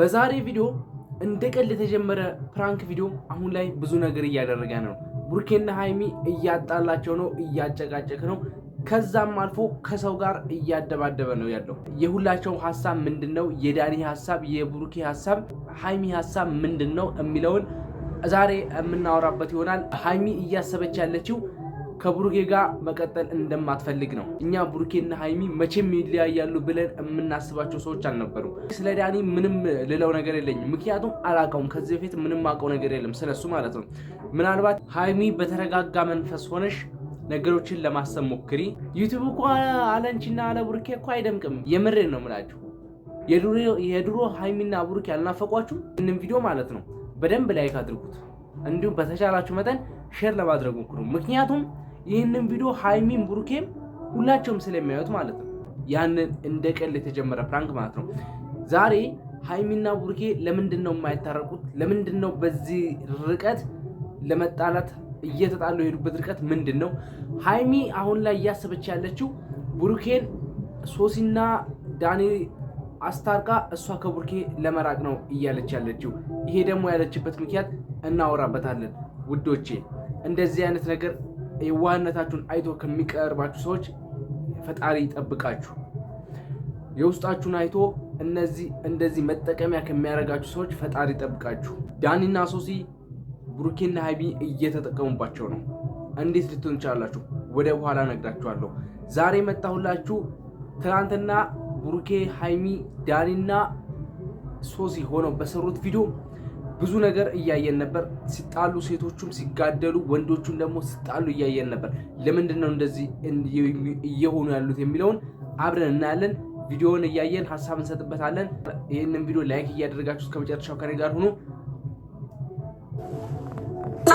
በዛሬ ቪዲዮ እንደ ቀልድ የተጀመረ ፕራንክ ቪዲዮ አሁን ላይ ብዙ ነገር እያደረገ ነው። ቡርኬና ሀይሚ እያጣላቸው ነው፣ እያጨቃጨቅ ነው። ከዛም አልፎ ከሰው ጋር እያደባደበ ነው ያለው። የሁላቸው ሀሳብ ምንድን ነው? የዳኒ ሀሳብ፣ የቡርኬ ሀሳብ፣ ሀይሚ ሀሳብ ምንድን ነው የሚለውን ዛሬ የምናወራበት ይሆናል። ሀይሚ እያሰበች ያለችው ከብሩኬ ጋር መቀጠል እንደማትፈልግ ነው። እኛ ብሩኬና ሀይሚ መቼም ይለያያሉ ብለን የምናስባቸው ሰዎች አልነበሩም። ስለ ዳኒ ምንም ልለው ነገር የለኝም፣ ምክንያቱም አላውቀውም። ከዚህ በፊት ምንም አውቀው ነገር የለም ስለሱ ማለት ነው። ምናልባት ሀይሚ በተረጋጋ መንፈስ ሆነሽ ነገሮችን ለማሰብ ሞክሪ። ዩቲዩብ እኮ አለንቺና አለ ብሩኬ እኮ አይደምቅም። የምሬን ነው ምላችሁ። የድሮ ሀይሚና ብሩኬ ያልናፈቋችሁ ምንም ቪዲዮ ማለት ነው በደንብ ላይክ አድርጉት። እንዲሁም በተቻላችሁ መጠን ሼር ለማድረግ ሞክሩ። ምክንያቱም ይህንን ቪዲዮ ሀይሚም ብሩኬም ሁላቸውም ስለሚያዩት ማለት ነው ያንን እንደ ቀል የተጀመረ ፕራንክ ማለት ነው። ዛሬ ሀይሚና ብሩኬ ለምንድን ነው የማይታረቁት? ለምንድን ነው በዚህ ርቀት ለመጣላት እየተጣሉ የሄዱበት ርቀት ምንድን ነው? ሀይሚ አሁን ላይ እያሰበች ያለችው ብሩኬን ሶሲና ዳኒ አስታርቃ እሷ ከቡርኬ ለመራቅ ነው እያለች ያለችው። ይሄ ደግሞ ያለችበት ምክንያት እናወራበታለን ውዶቼ። እንደዚህ አይነት ነገር የዋህነታችሁን አይቶ ከሚቀርባችሁ ሰዎች ፈጣሪ ይጠብቃችሁ። የውስጣችሁን አይቶ እነዚህ እንደዚህ መጠቀሚያ ከሚያደርጋችሁ ሰዎች ፈጣሪ ይጠብቃችሁ። ዳኒና ሶሲ ብሩኬና ሀይቢ እየተጠቀሙባቸው ነው። እንዴት ልትሆን ይችላላችሁ? ወደ በኋላ ነግራችኋለሁ። ዛሬ መጣሁላችሁ። ትናንትና ብሩኬ፣ ሀይሚ፣ ዳኒና ሶሲ ሆነው በሰሩት ቪዲዮ ብዙ ነገር እያየን ነበር። ሲጣሉ ሴቶቹም ሲጋደሉ፣ ወንዶቹም ደግሞ ሲጣሉ እያየን ነበር። ለምንድን ነው እንደዚህ እየሆኑ ያሉት የሚለውን አብረን እናያለን። ቪዲዮውን እያየን ሀሳብ እንሰጥበታለን። ይህንን ቪዲዮ ላይክ እያደረጋችሁ እስከ መጨረሻው ከኔ ጋር ሁኑ።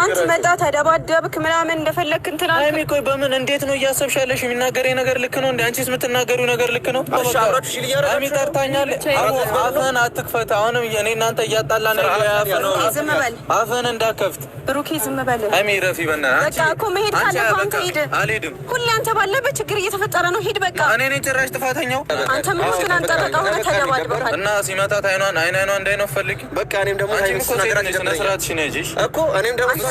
ትናንት መጣ ተደባደብክ ምናምን እንደፈለክ እንትና አልክ። ሃይሚ ቆይ በምን እንዴት ነው እያሰብሽ ያለሽ? የሚናገር ነገር ልክ ነው እንዴ? አንቺስ የምትናገሪው ነገር ልክ ነው? ሃይሚ ጠርታኛል። አፍህን አትክፈት። አሁንም እኔ እናንተ እያጣላ ነው። አፍህን እንዳከፍት ብሩኬ ዝም በል። ሃይሚ ረፊ በና በቃ እኮ መሄድ ካለብህ አንተ ሂድ። አልሄድም። ሁሌ አንተ ባለበት ችግር እየተፈጠረ ነው። ሂድ በቃ። እኔ ነኝ ጭራሽ ጥፋተኛው። አንተ ምን ሆነህ ግን አንጠረቃ ሆነህ ተደባድበሃል እና ሲመታት አይኗን አይን አይኗ እንዳይነው ፈልግ በቃ እኔም ደግሞ ሃይሚ ስናገራችሁ ሽነጅሽ እኮ እኔም ደግሞ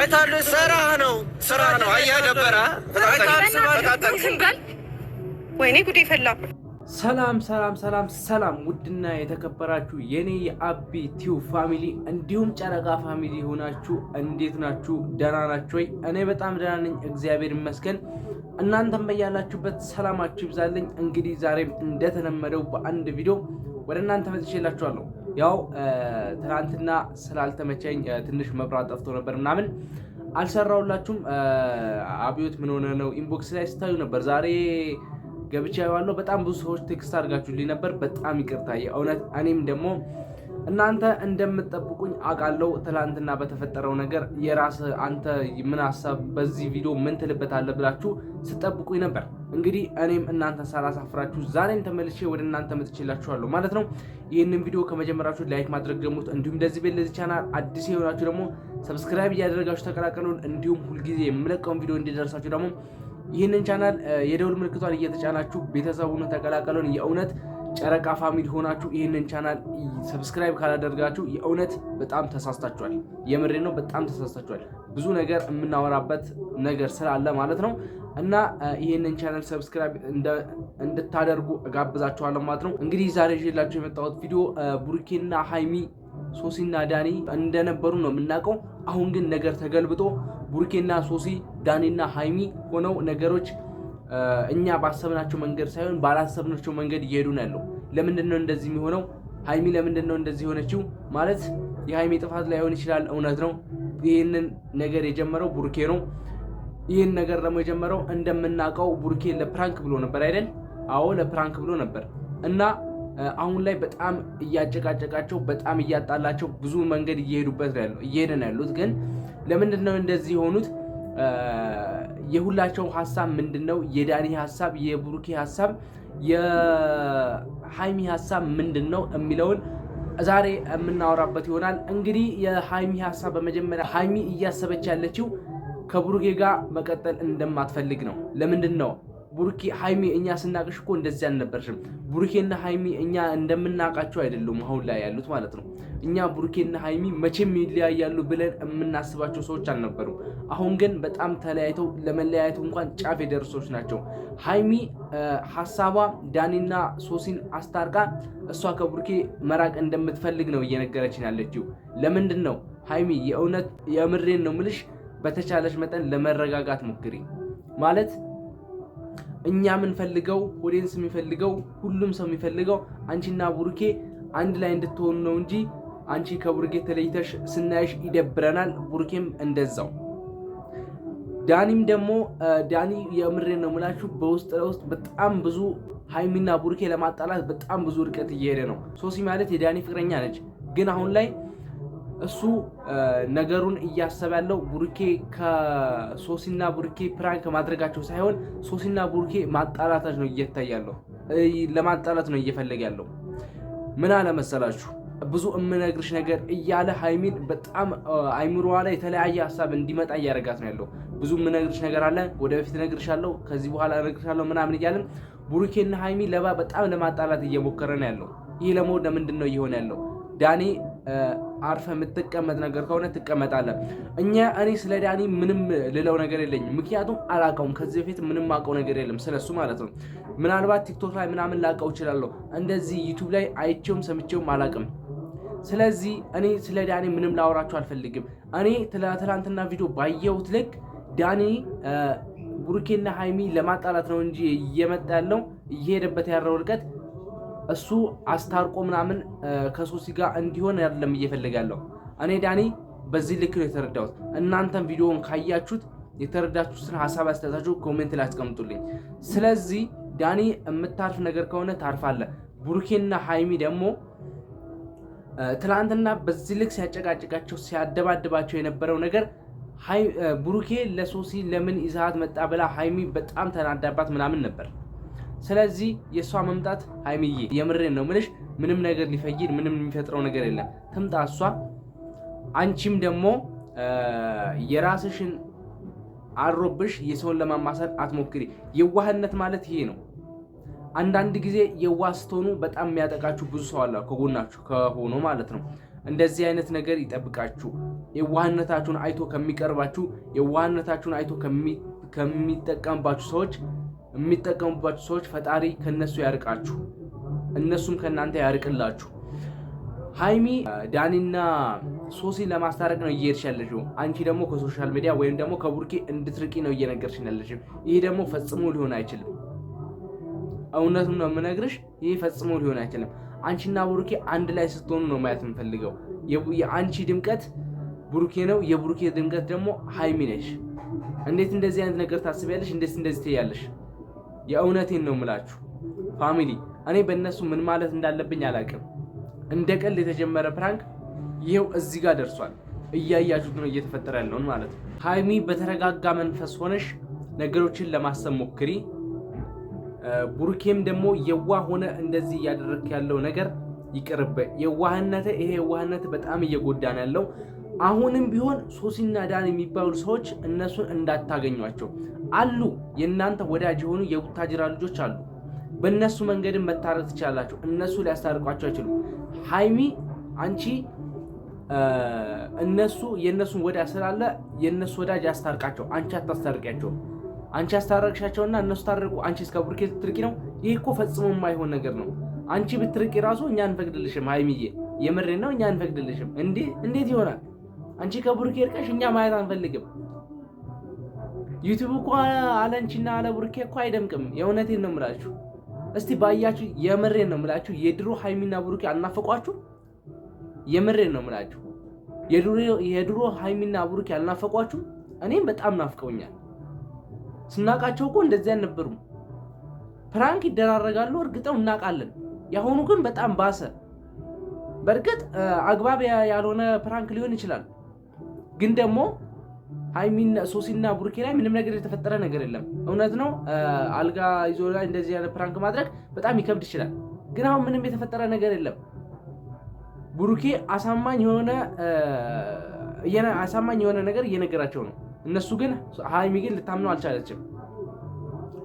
አይታለሁ። ስራ ነው ስራ ነው። አየህ ደበረ ወይኔ ጉዴ ፈላ። ሰላም ሰላም ሰላም ሰላም! ውድና የተከበራችሁ የኔ የአቢ ቲው ፋሚሊ እንዲሁም ጨረቃ ፋሚሊ ሆናችሁ እንዴት ናችሁ? ደህና ናችሁ ወይ? እኔ በጣም ደህና ነኝ፣ እግዚአብሔር ይመስገን። እናንተም በያላችሁበት ሰላማችሁ ይብዛልኝ። እንግዲህ ዛሬም እንደተለመደው በአንድ ቪዲዮ ወደ እናንተ መጥቼላችኋለሁ። ያው ትናንትና ስላልተመቸኝ ትንሽ መብራት ጠፍቶ ነበር ምናምን አልሰራውላችሁም አብዮት ምን ሆነ ነው ኢንቦክስ ላይ ስታዩ ነበር። ዛሬ ገብቻ ዋለው በጣም ብዙ ሰዎች ቴክስት አድርጋችሁልኝ ነበር። በጣም ይቅርታ የእውነት እኔም ደግሞ እናንተ እንደምትጠብቁኝ አውቃለሁ። ትላንትና በተፈጠረው ነገር የራስ አንተ ምን ሀሳብ በዚህ ቪዲዮ ምን ትልበታለህ ብላችሁ ስትጠብቁኝ ነበር። እንግዲህ እኔም እናንተን ሳላሳፍራችሁ ዛሬም ተመልሼ ወደ እናንተ መጥቼላችኋለሁ ማለት ነው። ይህንን ቪዲዮ ከመጀመራችሁ ላይክ ማድረግ ጀምሩት። እንዲሁም ለዚህ ቤት ለዚህ ቻናል አዲስ የሆናችሁ ደግሞ ሰብስክራይብ እያደረጋችሁ ተቀላቀሉን። እንዲሁም ሁልጊዜ የምለቀውን ቪዲዮ እንዲደርሳችሁ ደግሞ ይህንን ቻናል የደውል ምልክቷን እየተጫናችሁ ቤተሰቡን ተቀላቀሉን የእውነት ጨረቃ ፋሚሊ ሆናችሁ ይህንን ቻናል ሰብስክራይብ ካላደርጋችሁ የእውነት በጣም ተሳስታችኋል። የምሬ ነው፣ በጣም ተሳስታችኋል። ብዙ ነገር የምናወራበት ነገር ስላለ ማለት ነው እና ይህንን ቻናል ሰብስክራይብ እንድታደርጉ እጋብዛችኋለሁ ማለት ነው። እንግዲህ ዛሬ ይዤላችሁ የመጣሁት ቪዲዮ ቡሩኬና ሀይሚ ሶሲና ዳኒ እንደነበሩ ነው የምናውቀው። አሁን ግን ነገር ተገልብጦ ቡሩኬና ሶሲ ዳኒና ሀይሚ ሆነው ነገሮች እኛ ባሰብናቸው መንገድ ሳይሆን ባላሰብናቸው መንገድ እየሄዱ ነው ያለው። ለምንድን ነው እንደዚህ የሚሆነው? ሀይሚ ለምንድን ነው እንደዚህ የሆነችው? ማለት የሀይሚ ጥፋት ላይሆን ይችላል፣ እውነት ነው። ይህንን ነገር የጀመረው ቡርኬ ነው። ይህን ነገር ደግሞ የጀመረው እንደምናውቀው ቡርኬ ለፕራንክ ብሎ ነበር አይደል? አዎ ለፕራንክ ብሎ ነበር እና አሁን ላይ በጣም እያጨቃጨቃቸው በጣም እያጣላቸው ብዙ መንገድ እየሄዱበት ነው ያለው እየሄደ ነው ያሉት። ግን ለምንድን ነው እንደዚህ የሆኑት? የሁላቸው ሀሳብ ምንድን ነው? የዳኒ ሀሳብ፣ የቡሩኪ ሀሳብ፣ የሀይሚ ሀሳብ ምንድን ነው የሚለውን ዛሬ የምናወራበት ይሆናል። እንግዲህ የሀይሚ ሀሳብ በመጀመሪያ ሀይሚ እያሰበች ያለችው ከብሩኬ ጋር መቀጠል እንደማትፈልግ ነው። ለምንድን ነው ቡርኬ ሀይሚ እኛ ስናቅሽ እኮ እንደዚህ አልነበርሽም። ቡርኬና ሀይሚ እኛ እንደምናቃቸው አይደሉም አሁን ላይ ያሉት ማለት ነው። እኛ ቡርኬና ሀይሚ መቼም ይለያያሉ ብለን የምናስባቸው ሰዎች አልነበሩም። አሁን ግን በጣም ተለያይተው ለመለያየቱ እንኳን ጫፍ የደረሱ ሰዎች ናቸው። ሀይሚ ሀሳቧ ዳኒና ሶሲን አስታርቃ እሷ ከቡርኬ መራቅ እንደምትፈልግ ነው እየነገረችን ያለችው። ለምንድን ነው ሀይሚ? የእውነት የምሬን ነው ምልሽ፣ በተቻለሽ መጠን ለመረጋጋት ሞክሪ ማለት እኛ የምንፈልገው ኦዲየንስ የሚፈልገው ሁሉም ሰው የሚፈልገው አንቺና ቡርኬ አንድ ላይ እንድትሆኑ ነው እንጂ አንቺ ከቡርኬ ተለይተሽ ስናይሽ ይደብረናል። ቡርኬም እንደዛው። ዳኒም ደግሞ ዳኒ የምሬ ነው የምላችሁ በውስጥ ለውስጥ በጣም ብዙ ሀይሚና ቡርኬ ለማጣላት በጣም ብዙ እርቀት እየሄደ ነው። ሶሲ ማለት የዳኒ ፍቅረኛ ነች፣ ግን አሁን ላይ እሱ ነገሩን እያሰበ ያለው ቡርኬ ከሶሲና ቡርኬ ፕራንክ ማድረጋቸው ሳይሆን ሶሲና ቡርኬ ማጣላታች ነው እየታይ ለማጣላት ነው እየፈለገ ያለው። ምን አለመሰላችሁ ብዙ እምነግርሽ ነገር እያለ ሀይሚን በጣም አይምሮዋ ላይ የተለያየ ሀሳብ እንዲመጣ እያደረጋት ነው ያለው። ብዙ እምነግርሽ ነገር አለ፣ ወደፊት እነግርሻለሁ፣ ከዚህ በኋላ እነግርሻለሁ ምናምን እያለን ቡሩኬና ሀይሚ ለባ በጣም ለማጣላት እየሞከረ ነው ያለው። ይህ ለመሆን ለምንድን ነው እየሆነ ያለው ዳኔ አርፈ የምትቀመጥ ነገር ከሆነ ትቀመጣለህ። እኛ እኔ ስለ ዳኒ ምንም ልለው ነገር የለኝም፣ ምክንያቱም አላውቀውም። ከዚህ በፊት ምንም አውቀው ነገር የለም ስለሱ ማለት ነው። ምናልባት ቲክቶክ ላይ ምናምን ላውቀው እችላለሁ፣ እንደዚህ ዩቱብ ላይ አይቼውም ሰምቼውም አላውቅም። ስለዚህ እኔ ስለ ዳኒ ምንም ላወራችሁ አልፈልግም። እኔ ትላንትና ቪዲዮ ባየሁት ልክ ዳኒ ብሩኬና ሀይሚ ለማጣላት ነው እንጂ እየመጣ ያለው እየሄደበት ያለው ርቀት እሱ አስታርቆ ምናምን ከሶሲ ጋር እንዲሆን አይደለም ያለው። እኔ ዳኒ በዚህ ልክ ነው የተረዳሁት። እናንተም ቪዲዮውን ካያችሁት የተረዳችሁትን ሀሳብ አስተያየታችሁ ኮሜንት ላይ አስቀምጡልኝ። ስለዚህ ዳኒ የምታርፍ ነገር ከሆነ ታርፋለህ። ቡርኬና ሀይሚ ደግሞ ትናንትና በዚህ ልክ ሲያጨቃጭቃቸው ሲያደባድባቸው የነበረው ነገር ቡሩኬ ለሶሲ ለምን ይዛት መጣ ብላ ሀይሚ በጣም ተናዳባት ምናምን ነበር። ስለዚህ የእሷ መምጣት ሀይሚዬ የምሬን ነው ምልሽ፣ ምንም ነገር ሊፈይድ ምንም የሚፈጥረው ነገር የለም። ትምጣ እሷ። አንቺም ደግሞ የራስሽን አድሮብሽ የሰውን ለማማሰል አትሞክሪ። የዋህነት ማለት ይሄ ነው። አንዳንድ ጊዜ የዋህ ስትሆኑ በጣም የሚያጠቃችሁ ብዙ ሰው አለ ከጎናችሁ ከሆኖ ማለት ነው። እንደዚህ አይነት ነገር ይጠብቃችሁ። የዋህነታችሁን አይቶ ከሚቀርባችሁ፣ የዋህነታችሁን አይቶ ከሚጠቀምባችሁ ሰዎች የሚጠቀሙባችሁ ሰዎች ፈጣሪ ከነሱ ያርቃችሁ፣ እነሱም ከእናንተ ያርቅላችሁ። ሀይሚ ዳኒና ሶሲ ለማስታረቅ ነው እየሄድሽ ያለሽው። አንቺ ደግሞ ከሶሻል ሚዲያ ወይም ደግሞ ከቡርኬ እንድትርቂ ነው እየነገርሽ ያለሽው። ይሄ ደግሞ ፈጽሞ ሊሆን አይችልም። እውነቱን ነው የምነግርሽ። ይህ ፈጽሞ ሊሆን አይችልም። አንቺና ቡርኬ አንድ ላይ ስትሆኑ ነው ማየት የምፈልገው። የአንቺ ድምቀት ቡርኬ ነው፣ የቡርኬ ድምቀት ደግሞ ሀይሚ ነሽ። እንዴት እንደዚህ አይነት ነገር ታስቢያለሽ? እንዴት እንደዚህ ትያለሽ? የእውነቴን ነው ምላችሁ ፋሚሊ፣ እኔ በእነሱ ምን ማለት እንዳለብኝ አላውቅም። እንደ ቀልድ የተጀመረ ፕራንክ ይኸው እዚህ ጋር ደርሷል። እያያችሁት ነው እየተፈጠረ ያለውን ማለት ነው። ሀይሚ በተረጋጋ መንፈስ ሆነሽ ነገሮችን ለማሰብ ሞክሪ። ቡርኬም ደግሞ የዋ ሆነ እንደዚህ እያደረግክ ያለው ነገር ይቅርበ የዋህነት ይሄ የዋህነት በጣም እየጎዳን ያለው አሁንም ቢሆን ሶሲና ዳን የሚባሉ ሰዎች እነሱን እንዳታገኟቸው አሉ። የእናንተ ወዳጅ የሆኑ የቡታጅራ ልጆች አሉ። በእነሱ መንገድን መታረቅ ትችላላችሁ። እነሱ ሊያስታርቋቸው አይችሉም። ሀይሚ አንቺ እነሱ የእነሱን ወዳጅ ስላለ የእነሱ ወዳጅ ያስታርቃቸው፣ አንቺ አታስታርቂያቸውም። አንቺ አስታረቅሻቸውና እነሱ ታረቁ፣ አንቺ እስከ ብሩኬ ትርቂ ነው። ይህ እኮ ፈጽሞ የማይሆን ነገር ነው። አንቺ ብትርቂ ራሱ እኛ አንፈቅድልሽም። ሀይሚዬ የምሬ ነው፣ እኛ አንፈቅድልሽም። እንዴ እንዴት ይሆናል? አንቺ ከቡርኬ እርቀሽ እኛ ማየት አንፈልግም። ዩቲዩብ እኮ አለንቺና አለ ቡርኬ እኮ አይደምቅም። የእውነቴን ነው የምላችሁ። እስቲ ባያችሁ፣ የምሬን ነው የምላችሁ። የድሮ ሀይሚና ቡርኬ አልናፈቋችሁ? የምሬን ነው የምላችሁ። የድሮ ሀይሚና ቡርኬ አልናፈቋችሁ? እኔም በጣም ናፍቀውኛል። ስናቃቸው እኮ እንደዚህ አልነበሩም። ፕራንክ ይደራረጋሉ እርግጠው እናውቃለን። የአሁኑ ግን በጣም ባሰ። በእርግጥ አግባብ ያልሆነ ፕራንክ ሊሆን ይችላል ግን ደግሞ ሀይሚና ሶሲና ቡርኬ ላይ ምንም ነገር የተፈጠረ ነገር የለም። እውነት ነው፣ አልጋ ይዞ ላይ እንደዚህ ያለ ፕራንክ ማድረግ በጣም ይከብድ ይችላል። ግን አሁን ምንም የተፈጠረ ነገር የለም። ቡሩኬ አሳማኝ የሆነ አሳማኝ የሆነ ነገር እየነገራቸው ነው። እነሱ ግን ሀይሚ ግን ልታምነው አልቻለችም።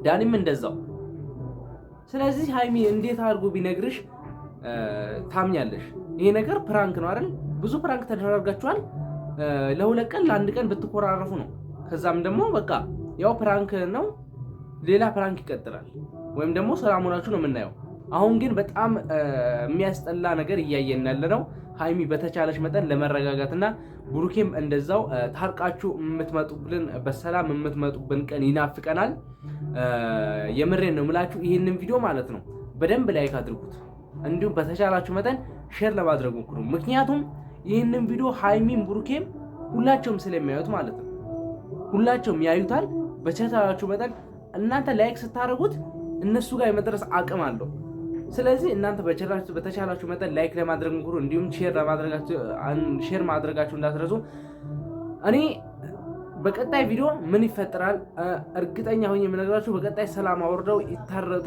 ዳኒም እንደዛው። ስለዚህ ሀይሚ እንዴት አድርጎ ቢነግርሽ ታምኛለሽ? ይሄ ነገር ፕራንክ ነው አይደል? ብዙ ፕራንክ ተደራርጋችኋል። ለሁለት ቀን ለአንድ ቀን ብትኮራረፉ ነው። ከዛም ደግሞ በቃ ያው ፕራንክ ነው፣ ሌላ ፕራንክ ይቀጥላል። ወይም ደግሞ ሰላም ሆናችሁ ነው የምናየው። አሁን ግን በጣም የሚያስጠላ ነገር እያየን ያለ ነው። ሀይሚ በተቻለች መጠን ለመረጋጋት ና ብሩኬም እንደዛው ታርቃችሁ የምትመጡብን በሰላም የምትመጡብን ቀን ይናፍቀናል። የምሬን ነው የምላችሁ። ይህንን ቪዲዮ ማለት ነው በደንብ ላይክ አድርጉት፣ እንዲሁም በተቻላችሁ መጠን ሼር ለማድረግ ሞክሩ። ምክንያቱም ይህንን ቪዲዮ ሀይሚም ብሩኬም ሁላቸውም ስለሚያዩት ማለት ነው። ሁላቸውም ያዩታል። በቸታችሁ መጠን እናንተ ላይክ ስታደርጉት እነሱ ጋር የመድረስ አቅም አለው። ስለዚህ እናንተ በተቻላችሁ መጠን ላይክ ለማድረግ ሞክሩ። እንዲሁም ሼር ማድረጋችሁ እንዳትረሱ። እኔ በቀጣይ ቪዲዮ ምን ይፈጠራል እርግጠኛ ሆኜ የምነግራችሁ በቀጣይ ሰላም አውርደው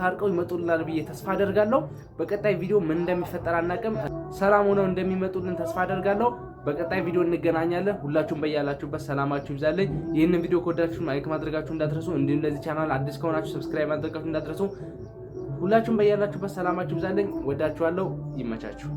ታርቀው ይመጡልናል ብዬ ተስፋ አደርጋለሁ። በቀጣይ ቪዲዮ ምን እንደሚፈጠር አናውቅም። ሰላም ሆነው እንደሚመጡልን ተስፋ አደርጋለሁ። በቀጣይ ቪዲዮ እንገናኛለን። ሁላችሁም በያላችሁበት ሰላማችሁ ይብዛልኝ። ይህንን ቪዲዮ ከወደዳችሁ ላይክ ማድረጋችሁ እንዳትረሱ፣ እንዲሁም ለዚህ ቻናል አዲስ ከሆናችሁ ሰብስክራይብ ማድረጋችሁ እንዳትረሱ። ሁላችሁም በያላችሁበት ሰላማችሁ ይብዛልኝ። ወዳችኋለሁ። ይመቻችሁ።